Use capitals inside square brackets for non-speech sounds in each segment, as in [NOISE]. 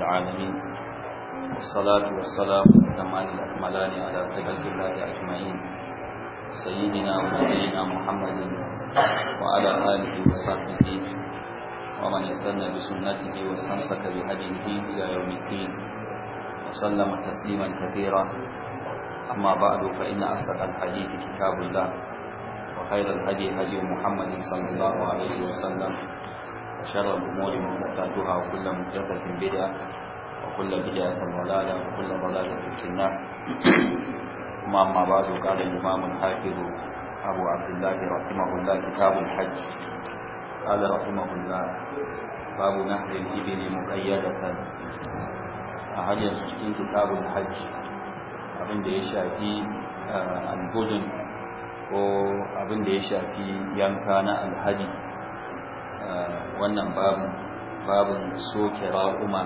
العالمين والصلاة والسلام كمان الأكملان على سيد الله أجمعين سيدنا ونبينا محمد وعلى آله وصحبه ومن استنى بسنته واستمسك بهديه إلى يوم الدين وسلم تسليما كثيرا أما بعد فإن أصدق الحديث كتاب الله وخير الهدي هدي محمد صلى الله عليه وسلم Sherar muhimman ta zuha kullum da ta sun kullum gida ta mulala, a kullum mulala tattasina. Kuma amma ba zai ba kala yunwa abu abdillaji, a rasu mahu, a gaske sabul hajji. A babu na fahimci bene mu ka yi ya dattali. A hanyar su cikinku sabul hajji, ya shafi alburin, ko abinda ya shafi yanka na alhadi. wannan babin babin soke ra'uma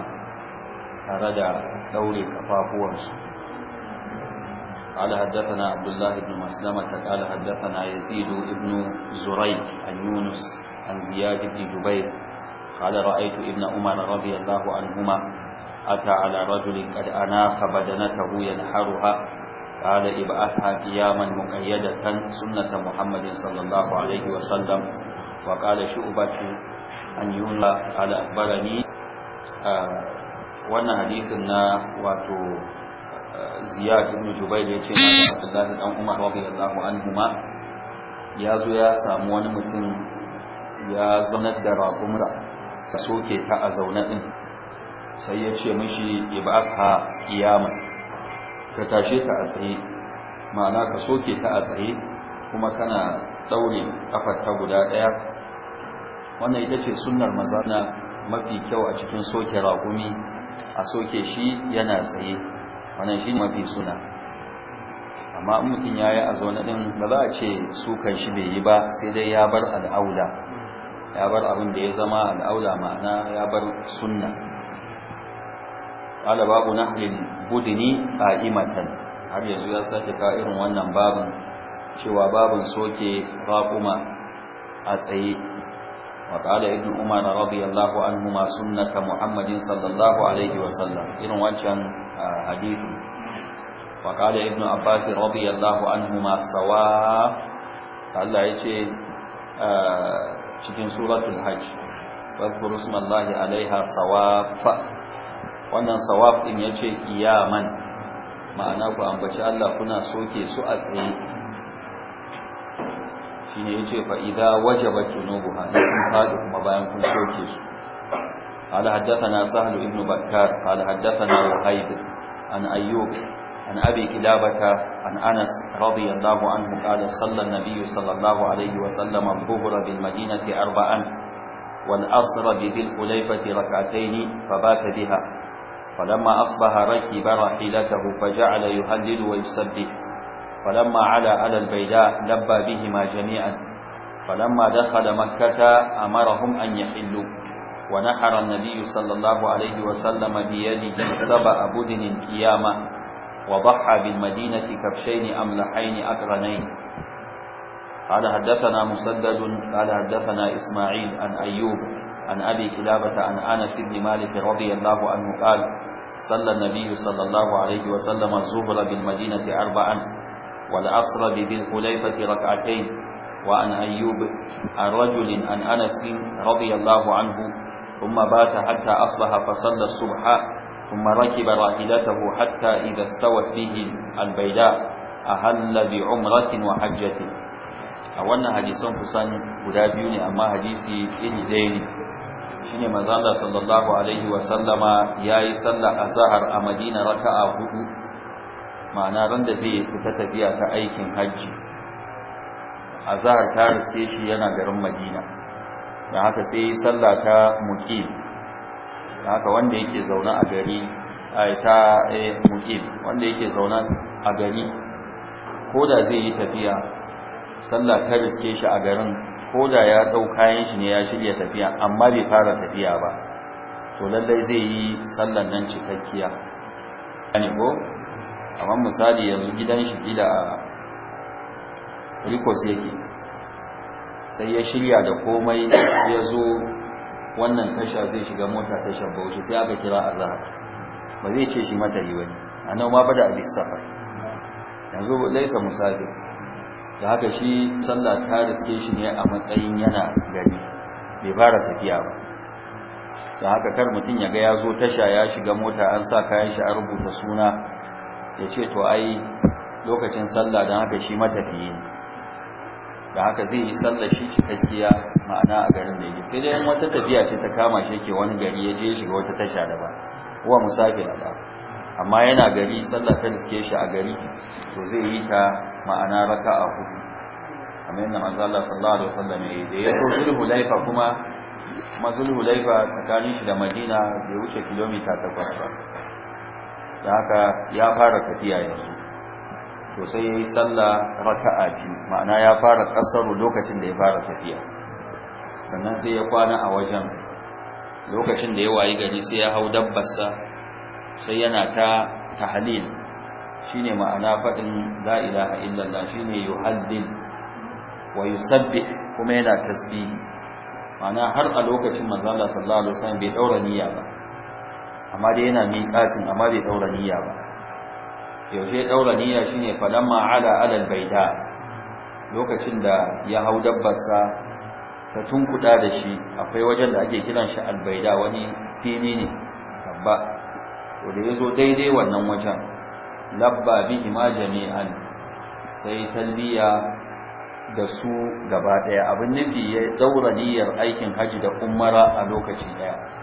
tare da daure kafafuwansu قال حدثنا عبد الله بن مسلمة قال حدثنا يزيد بن زريق عن يونس عن زياد بن جبير قال رأيت ابن عمر رضي الله عنهما أتى على رجل قد أناخ بدنته ينحرها قال ابعثها قياما مقيدة سنة محمد صلى الله عليه وسلم وقال shi أن يولى على أخبرني wannan hadisin na wato ziyad da jubair ya ce na Abdullahi dan Umar radiyallahu anhuma ya zo ya samu wani mutum ya zaunar da raƙumra ta soke ta a zaune din sai ya ce mishi ibaka kiyama ka tashe ta a tsaye ma'ana ka soke ta a tsaye kuma kana ɗaure kafar ta guda ɗaya. wannan ita ce sunnar mazana mafi kyau a cikin soke ragumi a soke shi yana tsaye wannan shi mafi suna amma mutum ya yi a zaune ɗin ba za a ce sukan shi bai yi ba sai dai ya bar al'aula ya bar abin da ya zama al'aula ma'ana ya bar sunna ala babu nahlin budini imatan har yanzu ya sake ka irin wannan babin cewa babin soke raƙuma a tsaye وقال ابن عمر رضي الله عنهما سنة محمد صلى الله عليه وسلم إن وجه حديث وقال ابن عباس رضي الله عنهما سواء الله cikin suratul hajj wadhkuru ismallahi alaiha sawafa wannan sawaf din yace qiyaman ma'ana ku ambaci Allah kuna soke su a tsaye shine yace fa idza wajabat junubuha in fadi kuma bayan kun soke su قال حدثنا سهل بن بكار قال حدثنا وحيد عن أيوب عن أبي كلابة عن أنس رضي الله عنه قال صلى النبي صلى الله عليه وسلم الظهر بالمدينة أربعا والأصر بذي الحليفة ركعتين فبات بها فلما أصبح ركب راحلته فجعل يهلل ويسبح فلما علا على البيداء لبى بهما جميعا فلما دخل مكة أمرهم أن يحلوا ونحر النبي صلى الله عليه وسلم بيده سبع بدن قياما وضحى بالمدينة كبشين أملحين أقرنين قال حدثنا مسدد قال حدثنا إسماعيل عن أيوب عن أبي كلابة عن أنس بن مالك رضي الله عنه قال صلى النبي صلى الله عليه وسلم الزهر بالمدينة أربعا والعصر بذي الحليفة ركعتين وعن أيوب عن رجل عن أنس رضي الله عنه ثم بات حتى أصلح فصلى الصبح ثم ركب راحلته حتى إذا استوت به البيداء أهل بعمرة وحجة أولنا حديثا قصان قدابيوني أما حديثي إلي ديني shine manzo Allah sallallahu alaihi wasallama yayi sallar azhar a Madina raka'a hudu ma'ana ran da zai fita tafiya ta aikin hajji azhar ta riske shi yana garin madina da haka sai yi sallah ta muqim da haka wanda yake zauna a gari ai ta eh, muqim wanda yake zaune a gari ko da zai yi tafiya sallah ta riske shi a garin ko da ya dau kayan shi ne ya shirya tafiya amma bai fara tafiya ba to lallai zai yi sallan nan cikakkiya ne ko amma misali yanzu gidan shi kila a rikos yake sai ya shirya da komai ya zo wannan tasha zai shiga mota tashar bauchi sai aka kira a zahar ba zai ce shi matari wani a nan ma bada abin safar yanzu laisa musafir da haka shi sallah ta suke shi ne a matsayin yana gari bai fara tafiya ba da haka kar mutum ya ga ya zo tasha ya shiga mota an sa kayan shi a rubuta suna ya ce to ai lokacin sallah don haka shi matafiye da haka zai yi sallah shi cikakkiya ma'ana a garin da yake sai dai wata tafiya ce ta kama shi ke wani gari ya je shiga wata tasha da ba wa musafir da amma yana gari sallah ta riske shi a gari to zai yi ta ma'ana raka a hudu amma yana manzo Allah sallallahu alaihi wasallam ya yi da ya so sulhu laifa kuma mazulhu laifa tsakanin shi da Madina bai wuce kilomita 8 ba da haka ya fara tafiya yanzu to sai ya yi sallah raka'a ji ma'ana ya fara kasaru lokacin da ya fara tafiya sannan sai ya kwana a wajen lokacin da ya wayi gari sai ya hau dabbarsa sai yana ta tahlil shine ma'ana faɗin la ilaha illallah shine yuhaddil wa yusabbih kuma yana tasbih ma'ana har a lokacin manzo Allah sallallahu alaihi wasallam bai daura niyya ba amma dai yana miƙatin amma bai daura niyya ba yaushe daura niyya shine falamma ala alal baida lokacin da ya hau dabbarsa ta tunkuda da shi akwai wajen da ake kiran shi albaida wani fili ne babba to da yazo daidai wannan wajen labba bihi ma jami'an sai talbiya da su gaba daya abin nufi ya daura niyyar aikin haji da umara a lokaci daya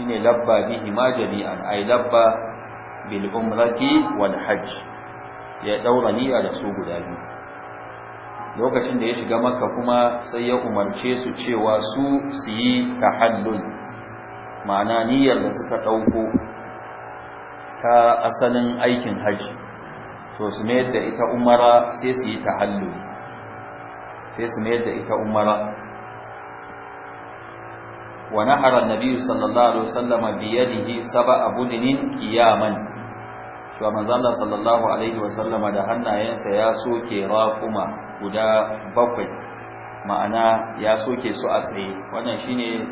shine labba bihi ma jami'an ay labba bil umrati wal hajj ya daura niyya da su guda biyu lokacin da ya shiga makka kuma sai ya umarce su cewa su su yi tahallul ma'ana niyyar da suka dauko ta asalin aikin hajji to su mayar da ita umara sai su yi tahallul sai su mayar da ita umara wa nahara annabi sallallahu alaihi wasallam bi yadihi sab'a budinin qiyaman to manzo Allah sallallahu alaihi wasallam da hannayensa ya soke raquma guda bakwai ma'ana ya soke su a tsaye wannan shine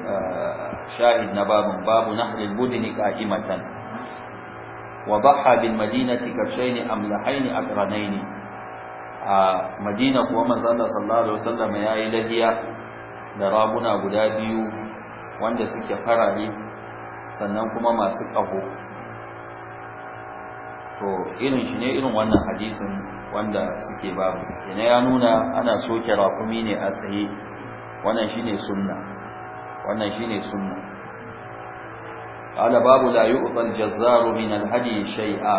shahid na babun babu nahril budini qa'imatan wa dhaha bil madinati kabshayn a madina kuwa manzo Allah sallallahu alaihi wasallam yayi lahiya da raguna guda biyu wanda suke farare sannan kuma masu ƙaho to irin shi ne irin wannan hadisin wanda suke babu ina ya nuna ana soke rakumi ne a tsaye wannan shine sunna wannan shine sunna ala babu la yu'tal jazzaru min al-hadi shay'a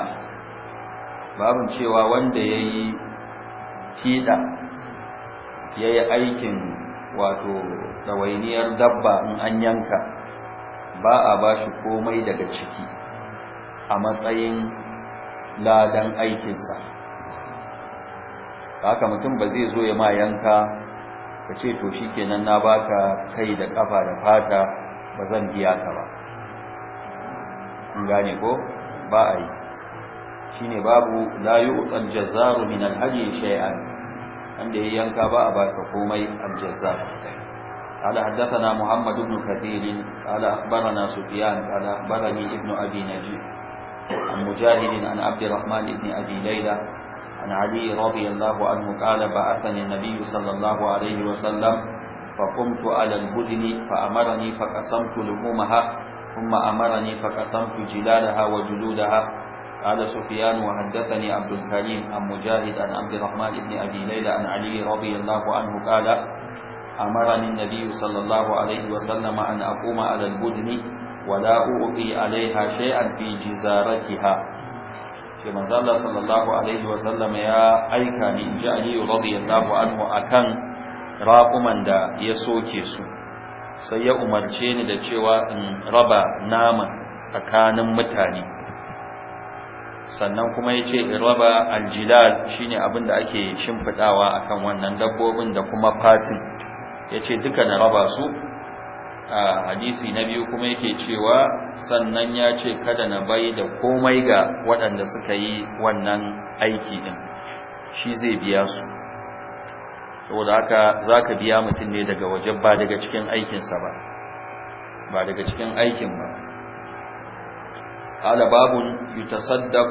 babun cewa wanda yayi kida yayi aikin wato ɗawainiyar dabba in an yanka ba a ba shi komai daga ciki a matsayin ladan aikinsa haka mutum ba zai zo ya ma yanka ka ce to shi kenan na baka kai da ƙafa da fata ba zan biya ka ba gane ko ba a yi shi ne babu layu utsar jazzaru min alhaji shay'an wanda ya yanka ba a ba sa komai jazaru. قال حدثنا محمد بن كثير قال أخبرنا سفيان قال أخبرني ابن أبي نجيب عن مجاهد عن عبد الرحمن بن أبي ليلى عن علي رضي الله عنه قال بعثني النبي صلى الله عليه وسلم فقمت على البدن فأمرني فقسمت لحومها ثم أمرني فقسمت جلالها وجلودها قال سفيان وحدثني عبد الكريم عن مجاهد عن عبد الرحمن بن أبي ليلى عن علي رضي الله عنه قال أمرني النبي صلى الله عليه وسلم أن أقوم على البدن ولا أؤقي عليها شيئا في جزارتها كما قال sallallahu alaihi wasallam ya aika ni in ji aliyu radiyallahu anhu akan raƙuman da ya soke su sai ya umarce ni da cewa in raba nama tsakanin mutane sannan kuma ya ce raba aljilal shine abin da ake shimfidawa akan wannan dabbobin da kuma fatin yace duka na raba su a hadisi na biyu kuma yake cewa sannan ya ce kada na bai da komai ga waɗanda suka yi wannan aiki din shi zai biya su saboda haka za ka biya mutum ne daga waje ba daga cikin aikinsa ba ba daga cikin aikin ba ala babun yutasaddaq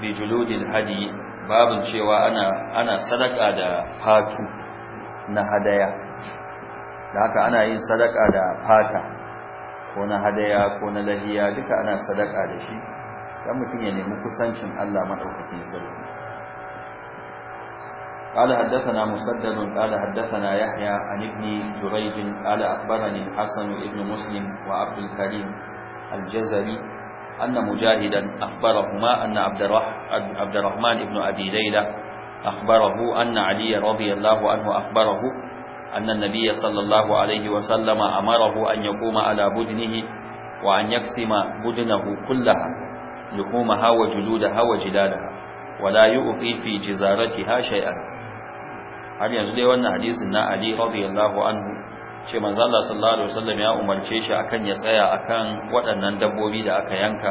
bi juludin hadi babun cewa ana sadaka da fatu na hadaya da haka ana yin sadaka da fata ko na hadaya ko na lahiya duka ana sadaka da shi dan mutum ya nemi kusancin Allah madaukakin sarki قال حدثنا مسدد قال حدثنا يحيى عن ابن جريج قال أخبرني الحسن ابن مسلم وعبد الكريم الجزري أن مجاهدا أخبرهما أن عبد الرحمن ابن أبي ليلى أخبره أن علي رضي الله عنه أخبره أن النبي صلى الله عليه وسلم أمره أن يقوم على بدنه وأن يقسم بدنه كلها لحومها وجلودها وجلالها ولا يؤقي في جزارتها شيئا har yanzu dai wannan hadisin na Ali radiyallahu anhu ce manzo sallallahu alaihi wasallam ya umarce shi akan ya tsaya akan waɗannan dabbobi da aka yanka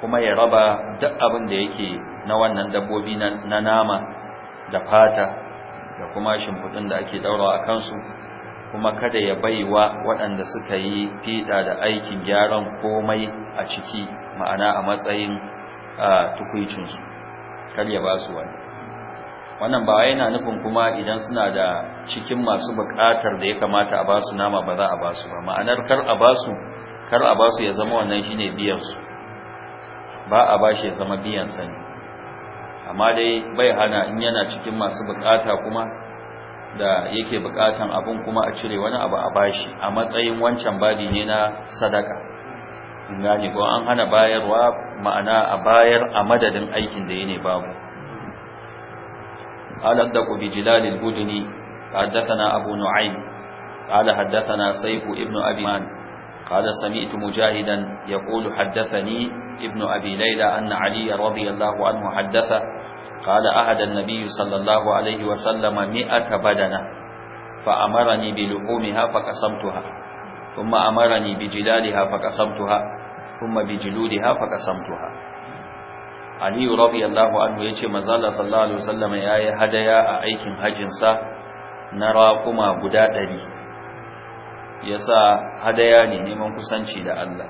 kuma ya raba duk abin da yake na wannan dabbobi na nama da fata da kuma shimfiɗin da ake ɗaurawa a kansu kuma kada ya baiwa waɗanda suka yi fiɗa da aikin gyaran komai a ciki ma'ana a matsayin tukwicinsu kar ya ba su wani wannan ba yana nufin kuma idan suna da cikin masu buƙatar da ya kamata a ba su nama ba za a ba su ba ma'anar kar a ba su kar a ba su ya zama wannan shine biyansu ba a ba shi ya zama biyan sani amma dai bai hana in yana cikin masu bukata kuma da yake bukatan abun kuma a cire wani abu a bashi a matsayin wancan badi ne na sadaka gani ko an hana bayarwa ma'ana a bayar a madadin aikin da yake babu alad da ku bi jilal al-buduni hadathana abu nu'aym haddasa hadathana sayfu ibn abi man qala sami'tu mujahidan yaqulu hadathani ibn abi layla anna ali radiyallahu anhu hadatha قال أحد النبي صلى الله عليه وسلم مئة بدنة فأمرني بلحومها فقسمتها ثم أمرني بجلالها فقسمتها ثم بجلودها فقسمتها Ali radiyallahu anhu yace manzo Allah صلى الله عليه وسلم hadaya a aikin hajjin sa na raquma guda 100 yasa hadaya ne neman kusanci da Allah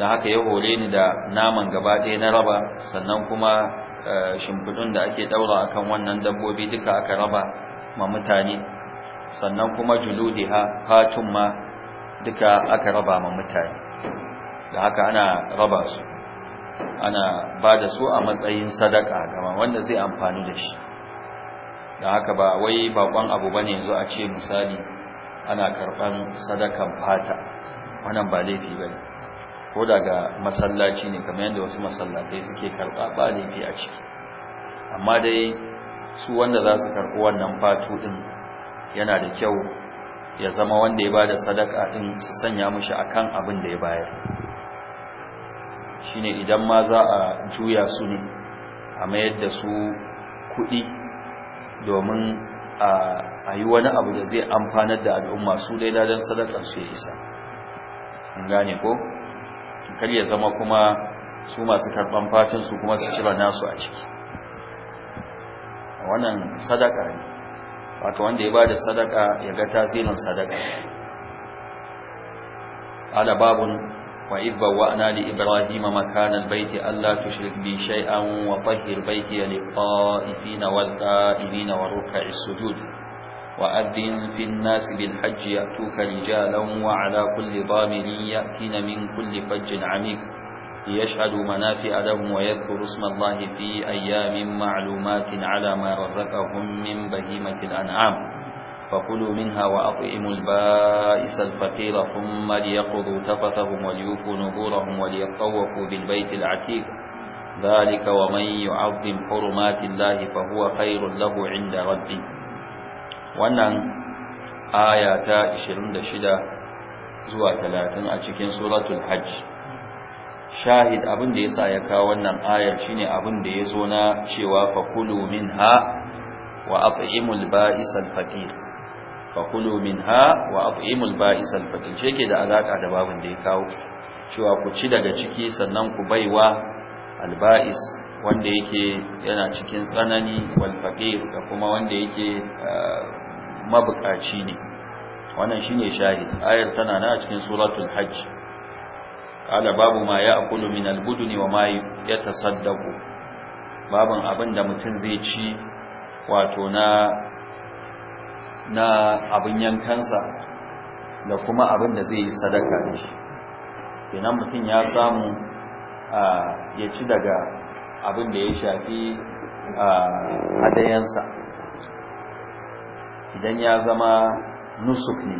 dan haka ya hore ni da naman gaba ɗaya na raba sannan kuma Eh, shimfidun da ake daura akan wannan dabbobi duka aka raba ma mutane sannan kuma juludiha hatun ma duka aka raba ma mutane da haka ana raba su ana ba da su a matsayin sadaka gama wanda zai amfani da shi da haka ba wai bakon abu bane yanzu a ce misali ana karban sadakan fata wannan ba laifi bane ko daga masallaci ne kamar yadda wasu masallatai suke karɓa ba laifi a ciki amma dai su wanda za su karɓi wannan fatu ɗin yana da kyau ya zama wanda ya ba da sadaka ɗin su sanya mushi akan abin da ya bayar shine idan ma za a juya su ne a mayar da su kuɗi domin a yi wani abu da zai amfanar da al'umma su dai ladan sadakar su ya isa in gane ko kar ya zama kuma su masu karban fatin su kuma su cira nasu a ciki wannan sadaka ne haka wanda ya bada sadaka ya ga tasirin sadaka ala babun wa idba wa ana li ibrahima makana albayti alla tushrik bi shay'an wa tahhir bayti lil qa'ifina wal qa'imina wa ruk'is sujud وأذن في الناس بالحج يأتوك رجالا وعلى كل ضامر يأتين من كل فج عميق ليشهدوا منافع لهم ويذكروا اسم الله في أيام معلومات على ما رزقهم من بهيمة الأنعام فكلوا منها وأطئموا البائس الفقير ثم ليقضوا تفتهم وليوفوا نظورهم وليطوفوا بالبيت العتيق ذلك ومن يعظم حرمات الله فهو خير له عند ربه wannan aya ta 26 zuwa 30 a cikin suratul hajj shahid abin da yasa ya kawo wannan ayar shine abin da yazo na cewa fakulu minha wa at'imul ba'isal faqir fakulu minha wa at'imul ba'isal faqir sheke da alaka da babin da ya kawo cewa ku ci daga ciki sannan ku baiwa alba'is wanda yake yana cikin tsanani wal faqir da kuma wanda yake eh, mabukaci ne wannan shine shahid ayar tana na cikin suratul hajj qala babu ma ya'kulu min al-budun wa ma yatasaddaqu babun abinda mutun zai ci wato na na abin yankansa da kuma abin da zai yi sadaka da shi kenan mutum ya samu ya ci daga abin da ya shafi a adayansa? idan ya zama nusuk ne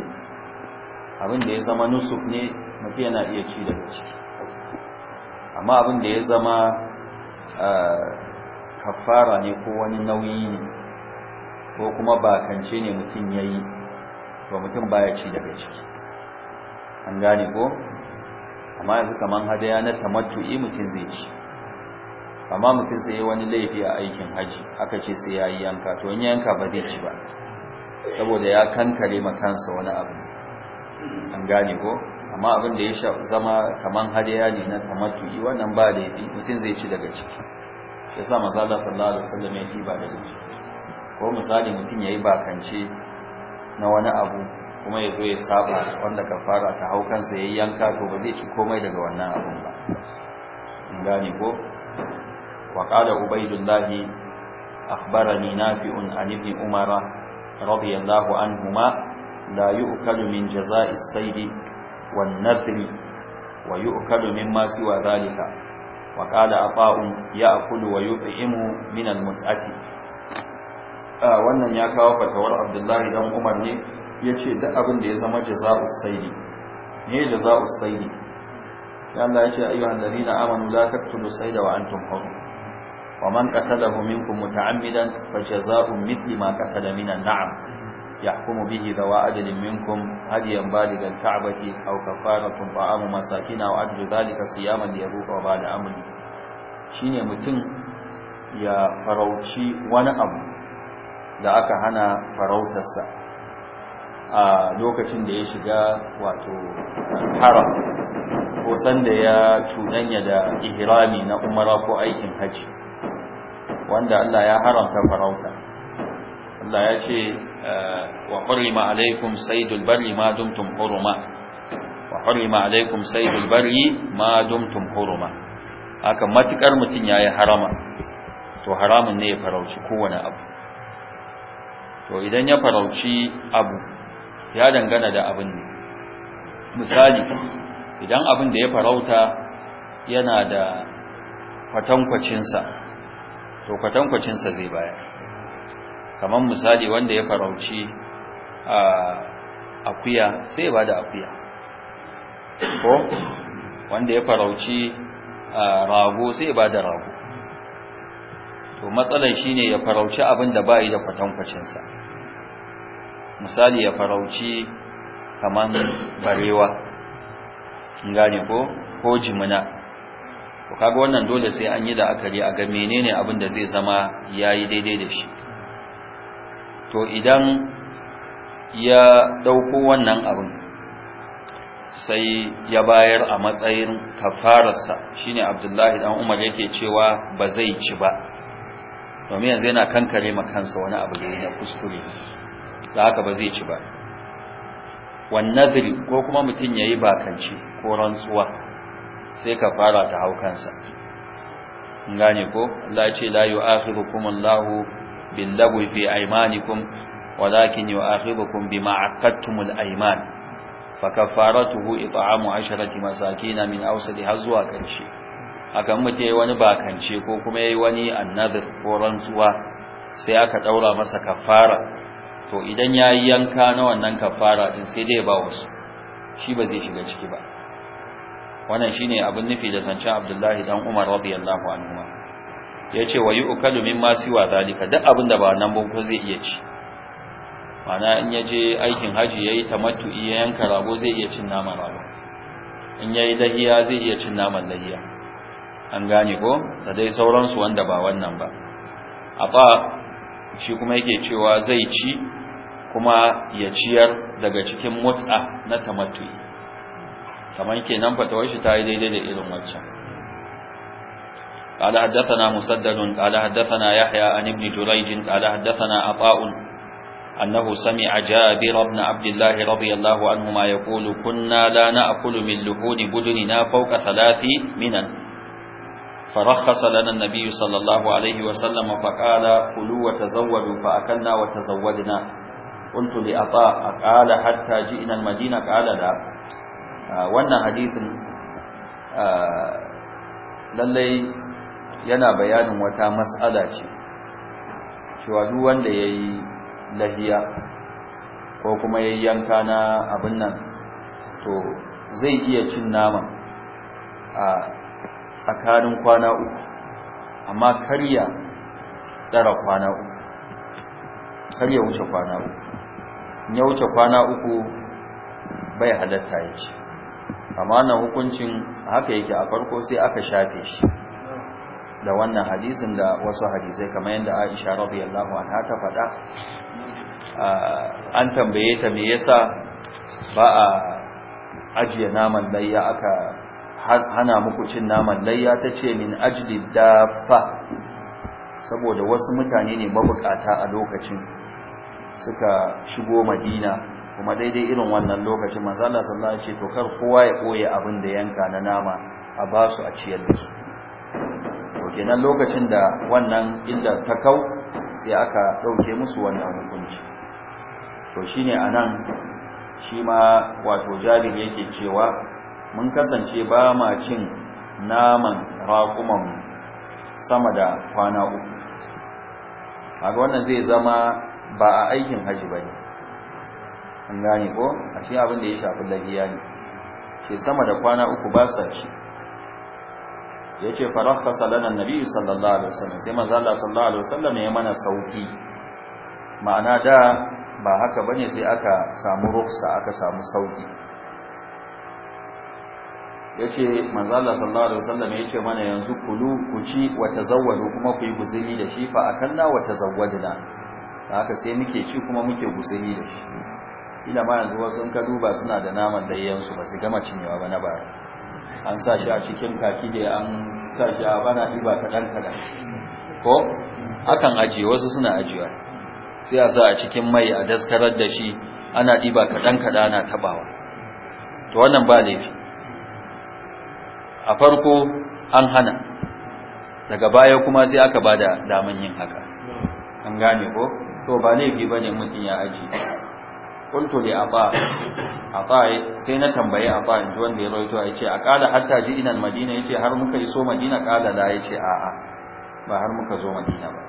abin da ya zama nusuk ne mafi yana iya ci daga ciki amma abin da ya zama ah, kafara ne ko wani nauyi ne ko kuma bakance ne mutum ya yi ba mutum baya ci daga ciki an gane ko amma yanzu kamar hadaya na tamattu'i mutum zai ci amma mutum sai wani laifi a aikin haji aka ce sai ya yi yanka to in yanka ba zai ci ba saboda ya kankare makansa wani abu an gane ko amma abin da ya sha zama kaman hadiya ne na tamattu'i wannan ba da yafi mutum zai ci daga ciki ya sa mazala sallallahu alaihi wasallam ya ba da ciki ko misali mutum yayi bakance na wani abu kuma ya zo ya saba wanda ka fara ta hau kansa yayi yanka to ba zai ci komai daga wannan abun ba an gane ko wa qala ubaydullah akhbarani nafi'un an ibn umara radiyallahu anhuma la yu'kalu min jaza'is sayd wan nadri wa yu'kalu mimma siwa dhalika wa qala afa'un ya'kulu wa wannan ya kawo fatawar Abdullahi dan Umar ne yace duk abin da ya zama jaza'us sayd ne jaza'us ya Allah ya ce ayyuhan ladina amanu la taqtulu sayda wa antum hurum ومن قتله منكم متعمدا فجزاء مثل ما قتل من النعم يحكم به ذوى عدل منكم هديا بالغ الكعبة أو كفارة طعام مساكين أو عدل ذلك صياما ليذوق وبال أمره شيني متن يا فروشي وانا أبو da aka hana farautarsa a lokacin da ya shiga wato haram ko sanda ya cudanya da ihrami na umara ko aikin hajji wanda Allah ya haramta farauta Allah ya ce eh, wa hurrima alaikum saydul barri ma dumtum huruma wa hurrima alaikum saydul barri ma dumtum huruma haka matukar mutun yayi harama to haramun ne ya farauci kowane abu to idan ya farauci abu ya dangana da abin ne misali idan abin da ya farauta yana da kwatankwacinsa to kwatankwacinsa zai bayar kamar misali wanda ya farauci a akuya sai ya bada akuya ko wanda ya farauci rago sai ya bada rago to matsalar shine ya farauci abin da bai da kwatankwacinsa misali ya farauci kaman barewa gane ko ko jimina to kaga wannan dole sai an yi la'akari a ga menene abin da zai zama yayi daidai da shi to idan ya dauko wannan abin sai ya bayar a matsayin kafararsa shine Abdullahi dan Umar yake cewa ba zai ci ba domin yanzu yana kankare ma kansa wani abu da ya kuskure da haka ba zai ci ba wannan ko kuma mutum yayi bakanci ko rantsuwa sai ka fara ta haukansa gane ko Allah ce la yu'akhirukum Allahu bil lagu fi aymanikum walakin yu'akhirukum bima aqadtumul ayman fa kafaratuhu it'amu 10 masakin min awsadi hazwa kanshi aka mutai wani bakance ko kuma yayi wani annadir ko rantsuwa sai aka daura masa kafara to idan yayi yanka na wannan kafara din sai dai ba wasu shi ba zai shiga ciki ba wannan shine abin nufi da zancen Abdullahi dan Umar radiyallahu anhu yace wayu ukalu mimma siwa zalika duk abin da ba nan ba ko zai iya ci mana in yaje aikin haji yayi tamattu ya yanka rago zai iya cin naman rago in yayi lahiya zai iya cin naman lahiya an gane ko da dai sauransu wanda ba wannan ba aba shi kuma yake cewa zai ci kuma ya ciyar daga cikin mut'a na tamattu كمان kenan fatawar shi ta yi daidai قال حدثنا مسدد قال حدثنا يحيى عن ابن جريج قال حدثنا عطاء أنه سمع جابر بن عبد الله رضي الله عنهما يقول كنا لا نأكل من لحون بدننا فوق ثلاث منن فرخص لنا النبي صلى الله عليه وسلم فقال كلوا وتزودوا فأكلنا وتزودنا قلت لأطاء قال حتى جئنا المدينة قال لا Ah, wannan hadisin ah, lallai yana bayanin wata matsala ce cewa duk wanda ya yi lahiya ko kuma ya yanka na abin nan to zai iya cin nama a ah, tsakanin kwana uku amma karya ɗara kwana uku karya wuce kwana uku ya wuce kwana uku bai halatta ya ce amma hukuncin haka yake a farko sai aka shafe shi da wannan hadisin da wasu hadisai kamar yadda Aisha radiyallahu anha ta faɗa an tambaye ta me yasa ba a ajiye naman layya aka hana muku cin naman layya tace min ajli dafa saboda wasu mutane ne mabukata a lokacin suka shigo Madina kuma daidai irin wannan lokacin manzo sallallahu alaihi wasallam ce to kar kowa ya koye abin da yanka na nama a ba su a ciyar da su to kenan lokacin da wannan inda ta kau sai aka dauke musu wannan hukunci to shine anan shi ma wato jabir yake cewa mun kasance ba ma cin naman raƙuman sama da kwana uku a wannan zai zama ba a aikin haji ba ne an gane ko a shi abin da ya shafi lahiya ne ke sama da kwana uku ba sa ci ya ce farakhasa lana nabi sallallahu alaihi wasallam sai manzo Allah sallallahu alaihi wasallam ya mana sauki ma'ana da ba haka bane sai aka samu ruksa aka samu sauki yace manzo Allah sallallahu alaihi wasallam ce mana yanzu kulu ku ci wa tazawwadu kuma ku yi guzuri da shi fa akanna wa tazawwadna haka sai muke ci kuma muke guzuri da shi ina ma yanzu wasu in ka duba suna da naman layyansu ba su gama cinyewa ba na bara an sa shi a cikin kaki da an sa shi a bana ɗiba kaɗan kaɗan ko akan ajiye wasu suna ajiyar, sai a sa a cikin mai a daskarar da shi ana ɗiba kaɗan kaɗan ana taɓawa to wannan ba laifi a farko an hana daga baya kuma sai aka ba da damin yin haka an gane ko to ba laifi ba ne mutum ya ajiye qultu li ata sai na tambaye ata in ji wanda ya rawaito ya ce aqala hatta ji ina madina yace har muka iso madina qala la yace a a ba har muka zo madina ba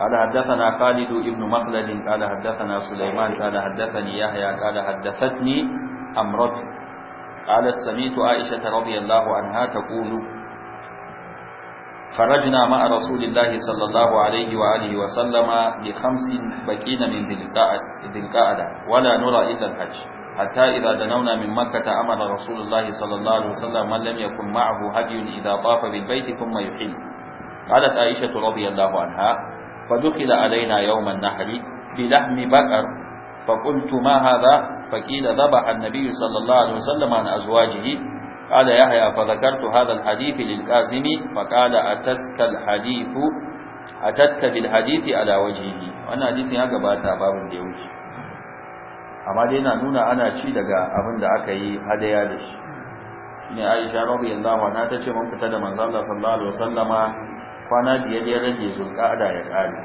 قال حدثنا خالد ابن مخلد قال حدثنا سليمان قال حدثني يحيى قال حدثتني أمرت قالت سميت عائشة رضي الله عنها تقول خرجنا مع رسول الله صلى الله عليه وآله وسلم لخمس بقين من ذي القعدة ولا نرى إلا الحج حتى إذا دنونا من مكة أمر رسول الله صلى الله عليه وسلم من لم يكن معه هدي إذا طاف بالبيت ثم يحل قالت عائشة رضي الله عنها فدخل علينا يوم النحر بلحم بقر فقلت ما هذا فقيل ذبح النبي صلى الله عليه وسلم عن أزواجه قال يحيى فذكرت هذا الحديث للقاسم فقال أتتك الحديث أتتك بالحديث على وجهه wannan hadisin ya gabata babin da ya wuce amma dai na nuna ana ci daga abin da aka yi hadaya da shi ne Aisha radiyallahu anha tace mun fita da manzo Allah sallallahu alaihi wasallama kwana biyar ya rage zulqa'ada ya kare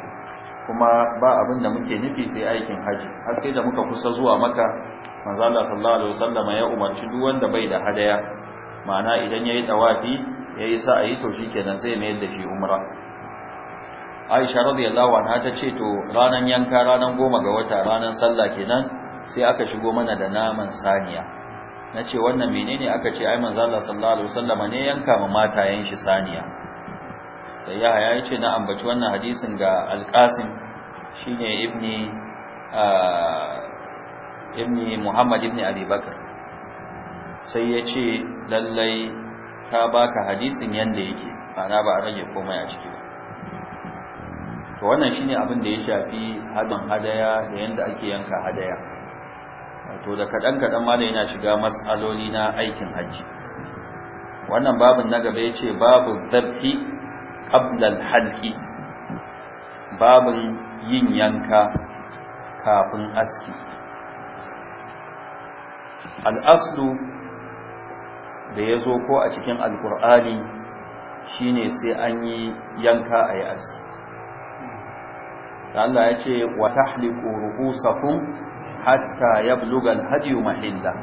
kuma ba abin da muke nufi sai aikin haji har sai da muka kusa zuwa maka manzo Allah sallallahu alaihi wasallama ya umarci duk wanda bai da hadaya ma'ana idan yayi tawafi yi sa'ayi to shi kenan sai mai da shi umra Aisha radiyallahu anha ta ce to ranar yanka ranar goma ga wata ranan sallah kenan sai aka shigo mana da naman saniya nace wannan menene aka ce ai manzo Allah sallallahu alaihi wasallam ne yanka ma mata yan shi saniya sai ya haya ce na ambaci wannan hadisin ga alqasim shine ibni ah, ibni Muhammad ibni Abi Bakar sai ya ce lallai ta baka hadisin yadda yake ana ba a rage komai a ciki ba to wannan shine abin da ya shafi hadin hadaya da yadda ake yanka hadaya to da kaɗan-kaɗan ma da yana shiga matsaloli na aikin hajji wannan babin na gaba ya ce babu zarfi ƙablal halki babu babin yin yanka kafin aski al da ya zo ko a cikin alkur'ani ne sai an yi yanka a yi aski Allah ya ce wa tahliku ru'usakum hatta yabluga al-hadiyu mahilla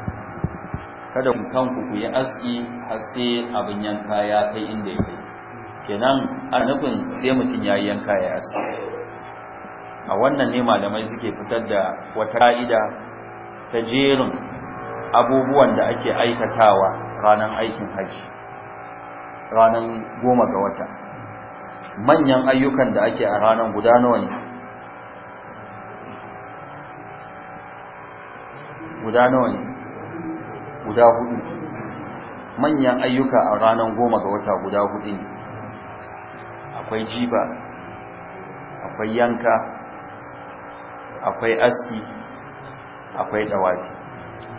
kada ku kanku ku yi aski har sai abin yanka ya kai inda ya kai kenan a nufin sai mutum ya yi yanka ya aski a wannan ne malamai suke fitar da wata ka'ida ta jerin abubuwan da ake aikatawa ranar aikin haji ranar goma ga wata manyan ayyukan da ake a ranar guda nawa ne guda nawa ne guda hudu manyan ayyuka a ranar goma ga wata guda hudu ne akwai jiba akwai yanka akwai aski akwai dawafi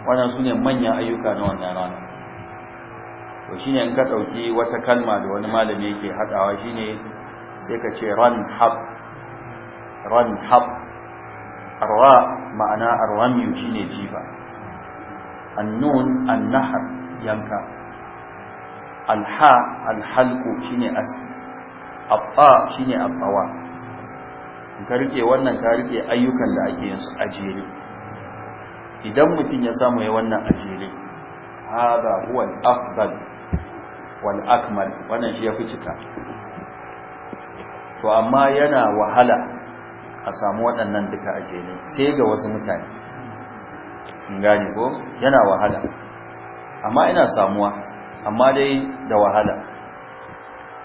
wannan su ne manyan ayyuka na wannan rana to shine in ka dauki wata kalma da wani malami yake hadawa shine sai ka ce ran hab ran hab arwa ma'ana arwami shine jiba annun annahar yanka alha alhalqu shine as abba shine abawa in ka rike wannan ka rike ayyukan da ake yin su ajere idan mutum ya samu ya wannan ajere هذا هو الأفضل wal akmal wannan shi yafi cika to amma yana wahala a samu waɗannan duka a jere sai ga wasu mutane in gane ko yana wahala amma ina samuwa amma dai da wahala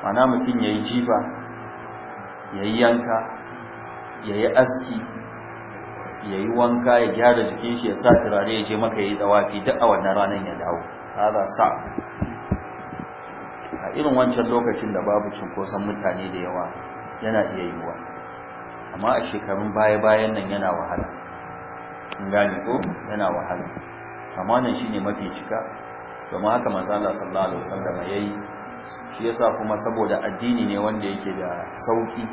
mana mutum yayi jifa yayi yanka yayi aski yayi wanka ya gyara jikin shi ya sa turare ya je maka yayi dawafi duk a wannan ranar ya dawo za sa a irin wancan lokacin da babu cunkoson mutane da yawa yana iya yiwuwa amma a shekarun baya-bayan nan yana wahala in gane ko yana wahala amma nan ne mafi cika domin haka manzo Allah sallallahu alaihi wasallam yayi shi yasa kuma saboda addini ne wanda yake da sauki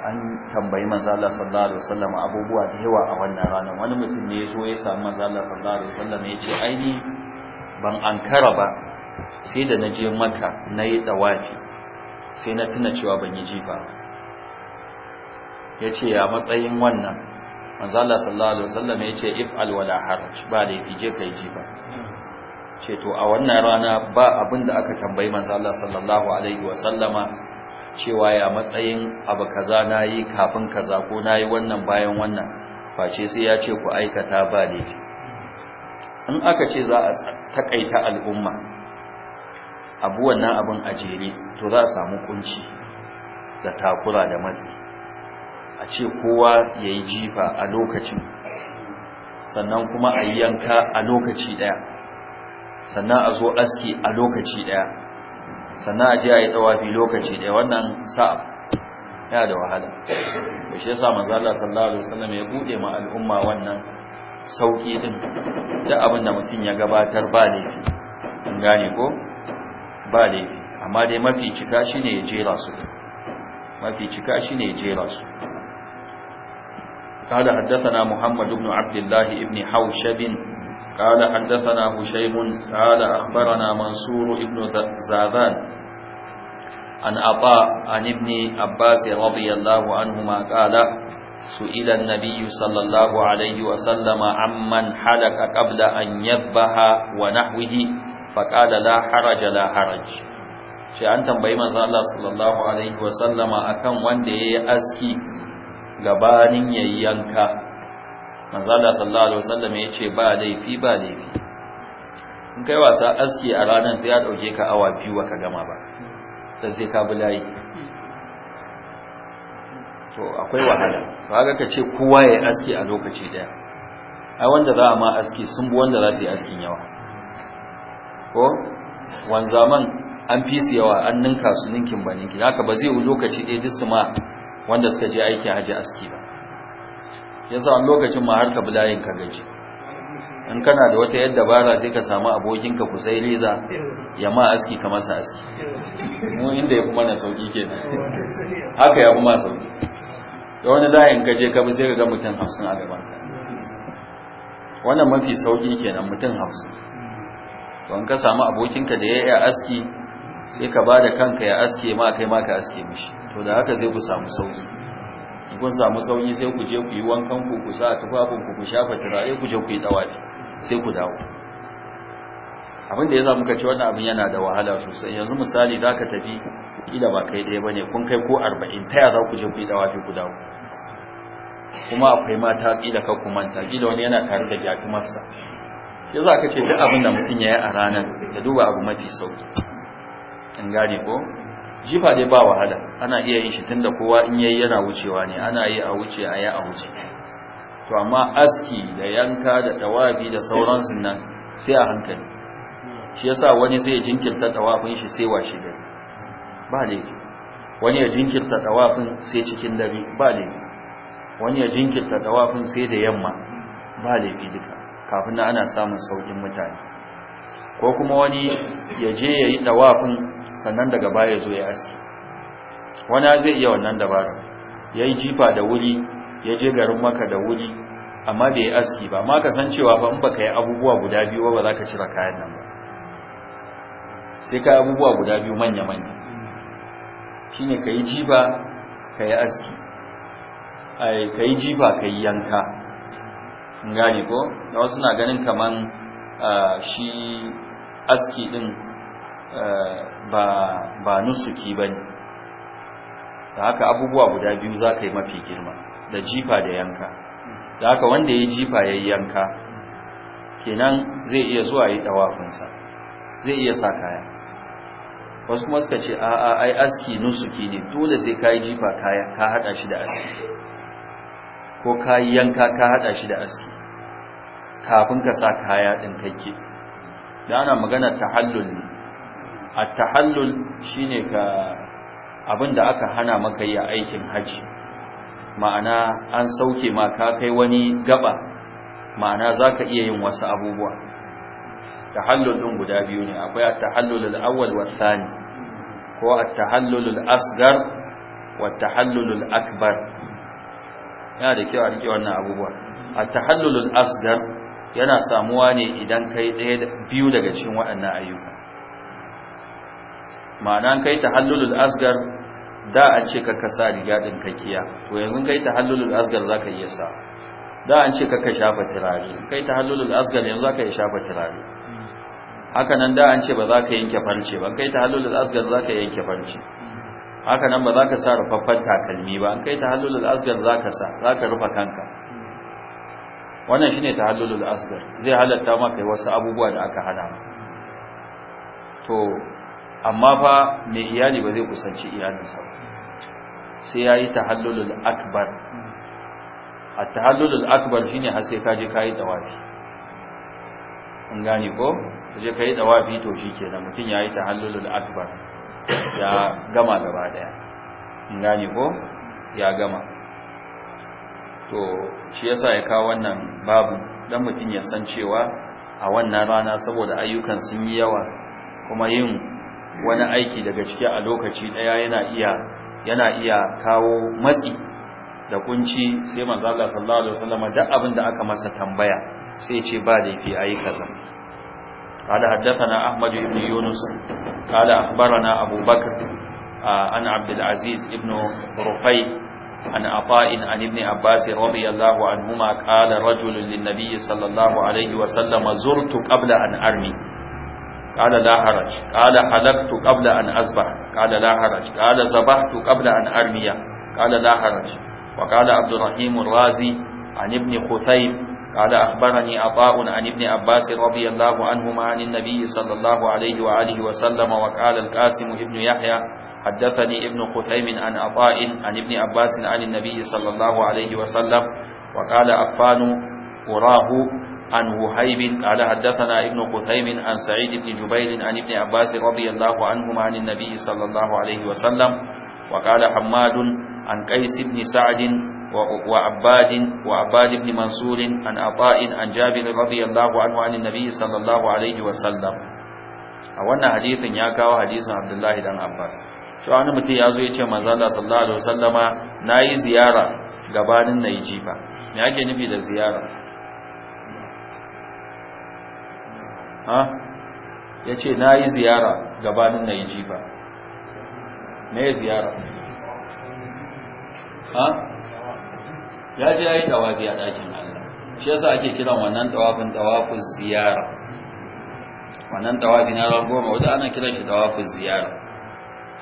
an tambayi manzo Allah sallallahu alaihi wasallam abubuwa da yawa a wannan ranar wani mutum ne ya zo ya samu manzo Allah sallallahu alaihi wasallam ya ce aini ban ankara ba sai da na je maka na yi tsawafi sai na tuna cewa ban yi jifa ya ce a matsayin wannan manzala sallallahu alaihi wasallam ya ce if alwala haraj ba da yafi je ka yi jifa ce to a wannan rana ba abin da aka tambayi manzala sallallahu alaihi wasallama cewa ya matsayin abu kaza na yi kafin kaza ko na yi wannan bayan wannan face sai ya ce ku aikata ba laifi in aka ce za a takaita al'umma abu wannan abin a jere to za a samu kunci da takura da matsi a ce kowa ya yi jifa a lokacin sannan kuma a yi yanka a lokaci ɗaya sannan a zo aski a lokaci daya sannan a je a yi ɗawafi lokaci daya wannan sa'a yana da wahala ba shi ya sa Allah sallallahu alaihi wasallam ya bude ma al'umma wannan sauki din da abin da mutum ya gabatar ba ne gane ko ba laifi amma dai mafi cika shi ne ya jera su mafi cika shi ne ya jera su قال حدثنا محمد بن عبد الله بن حوشب قال حدثنا هشيم قال أخبرنا منصور بن زاذان عن أطاء عن ابن عباس رضي الله عنهما قال سئل النبي صلى الله عليه وسلم عمن حلق قبل أن يذبح ونحوه Faƙada la haraja la haraj shi an tambayi manzo Allah sallallahu alaihi wasallama akan wanda yayi aski gabanin yi yanka manzo Allah sallallahu alaihi wasallama yace ba laifi ba laifi in kai wasa aski a ranar sai ya dauke ka awa biyu ka gama ba da sai ka bulayi to akwai wahala To haka ka ce kowa yayi aski a lokaci daya ai wanda za a ma aski sun bi wanda za su yi askin yawa ko wanzaman an fi su yawa an ninka su ninkin ba ninkin haka ba zai lokaci ɗaya duk ma wanda suka je aikin haji aski ba yasa wani lokacin ma har ka bi layin ka gaji in kana da wata yadda bara sai ka samu abokinka ku sai reza ya ma aski ka masa aski mu inda ya kuma na sauki ke haka ya kuma sauki da wani layin ka je ka bi sai ka ga mutum hamsin a gaban wannan mafi sauki kenan mutum hamsin don ka samu abokinka da ya yi aski sai ka ba da kanka ya aske ma kai ma ka aske mishi to da haka zai ku samu sauki kun samu sauki sai ku je ku yi wankan ku ku sa tufafin ku ku shafa turare ku je ku yi dawafi sai ku dawo abin da ya zamu ka ce wannan abin yana da wahala sosai yanzu misali zaka tafi kila ba kai ɗaya bane kun kai ko 40 taya za ku je ku yi dawafi ku dawo kuma akwai mata kila ka ku manta kila wani yana tare da jakumarsa ya za ka ce duk abin da mutum ya yi a ranar ya duba abu mafi sauki in gane ko jifa dai ba wahala ana iya yin shi tun da kowa in yayi yana wucewa ne ana yi a wuce a yi a wuce to amma aski da yanka da tawabi da sauransu nan sai a hankali shi yasa wani zai jinkirta tawafin shi sai washe dare ba laifi wani ya jinkirta tawafin sai cikin dare ba laifi wani ya jinkirta tawafin sai da yamma ba laifi duka kafin na ana samun saukin mutane ko kuma wani ya je ya yi dawafin sannan daga baya zo ya aski wani zai iya wannan dabara ya yi jifa da wuri ya je garin maka da wuri amma bai yi aski ba ma ka san cewa ba in baka yi abubuwa guda biyu ba za ka cira kayan nan ba sai ka abubuwa guda biyu manya-manya shi ne ka yi jifa ka yi aski ka yi jifa ka yi yanka gane ko na wasu na ganin kaman ah, shi aski din ah, ba ba nusuki bane da haka abubuwa guda biyu za ka yi mafi girma da jifa da yanka da haka wanda ya jifa ya yanka kenan zai iya zuwa yi dawafinsa zai iya sa kaya wasu kuma suka ce a a ai aski nusuki ne dole sai ka yi jifa kaya ka haɗa shi da aski ko ka yanka ka hada shi da aski kafin ka sa kaya din kake da ana magana tahallul ne at-tahallul shine ka abinda aka hana maka yi a aikin hajji, ma'ana an sauke ma ka kai wani gaba ma'ana zaka iya yin wasu abubuwa tahallul ɗin guda biyu ne akwai a tahallul al-awwal wa thani ko a tahallul al-asghar wa tahallul akbar yana da kyau a rike wannan abubuwa at-tahallulul asghar yana samuwa ne idan kai ɗaya biyu daga cikin waɗannan ayyuka ma'ana kai tahallulul asghar da an ce ka kasa riga din kakiya to yanzu kai tahallulul asghar zaka iya sa da an ce ka ka shafa turare kai tahallulul asghar yanzu zaka iya shafa turare haka nan da an ce ba za ka yanke farce ba kai tahallulul asghar zaka yanke farce haka nan ba za ka sa rufaffen takalmi ba an kai tahallulul asgar za ka sa za ka rufa kanka wannan shine tahallulul asgar zai halatta maka wasu abubuwa da aka hana to amma fa mai iyali ba zai kusanci iyalinsa ba sai ya yi tahallulul akbar a tahallulul akbar shine har sai ka je ka yi tawafi in gane ko je ka yi tawafi to shi kenan mutum ya yi tahallulul akbar ya gama gaba daya gane ko ya gama to shi yasa ya kawo wannan babu dan mutum ya san cewa a wannan rana saboda ayyukan sun yi yawa kuma yin wani aiki daga ciki a lokaci daya yana iya yana iya kawo matsi da kunci sai manzo Allah sallallahu alaihi wasallam da abin da aka masa tambaya sai ce ba laifi ayi kaza قال حدثنا أحمد بن يونس قال أخبرنا أبو بكر عن عبد العزيز بن رقي عن عطاء عن ابن عباس رضي الله عنهما قال رجل للنبي صلى الله عليه وسلم زرت قبل أن أرمي قال لا حرج قال حلقت قبل أن أصبح قال لا حرج قال ذبحت قبل أن أرمي قال لا حرج وقال عبد الرحيم الرازي عن ابن خثيم قال أخبرني عطاء عن ابن عباس رضي الله عنهما عن النبي صلى الله عليه وآله وسلم وقال القاسم ابن يحيى حدثني ابن قتيم عن عطاء عن ابن عباس عن النبي صلى الله عليه وسلم وقال أفان أراه عن وهيب قال حدثنا ابن قتيم عن سعيد بن جبير عن ابن عباس رضي الله عنهما عن النبي صلى الله عليه وسلم وقال حماد عن قيس بن سعد وعباد وعباد بن منصور عن عطاء عن جابر رضي الله عنه عن النبي صلى الله عليه وسلم a wannan hadithin ya kawo hadisin Abdullahi dan Abbas to wani mutum ya zo ya ce manzo Allah sallallahu alaihi wasallama nayi ziyara gabanin nayi jifa me yake nufi da ziyara ha yace nayi ziyara gabanin jifa me ziyara ha ya je yayi tawafi a ɗakin Allah shi yasa ake kiran wannan tawafin tawafin ziyara wannan tawafi na ran goma wanda ana kiran shi tawafin ziyara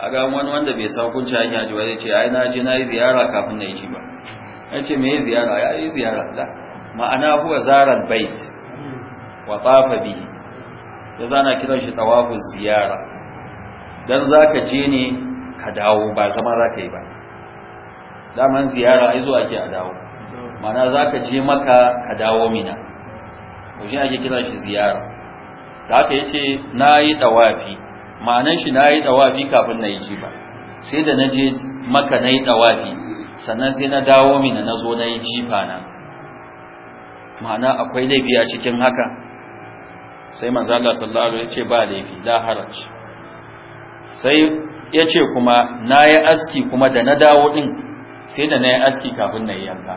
a ga wani wanda bai san kunci hanya ji wai ce ai na je na yi ziyara kafin na yi shi ba ya ce me ziyara ya yi ziyara da ma'ana huwa zarar bait wa tafa bihi ya zana kiran shi tawafu ziyara dan zaka je ne ka dawo ba zama zaka yi ba daman ziyara ai zuwa ake a dawo mana za ka je maka ka dawo mina to shi ake kira shi ziyara da haka ya ce na yi ɗawafi ma'anan shi na yi ɗawafi kafin na yi ba sai da na je maka na yi ɗawafi sannan sai na dawo mina na zo na yi jifa na ma'ana akwai laifi a cikin haka sai manzala sallallahu alaihi ya ce ba laifi la haraj sai ya ce kuma na yi aski kuma da na dawo din. sai da na yi aski kafin na yi yanka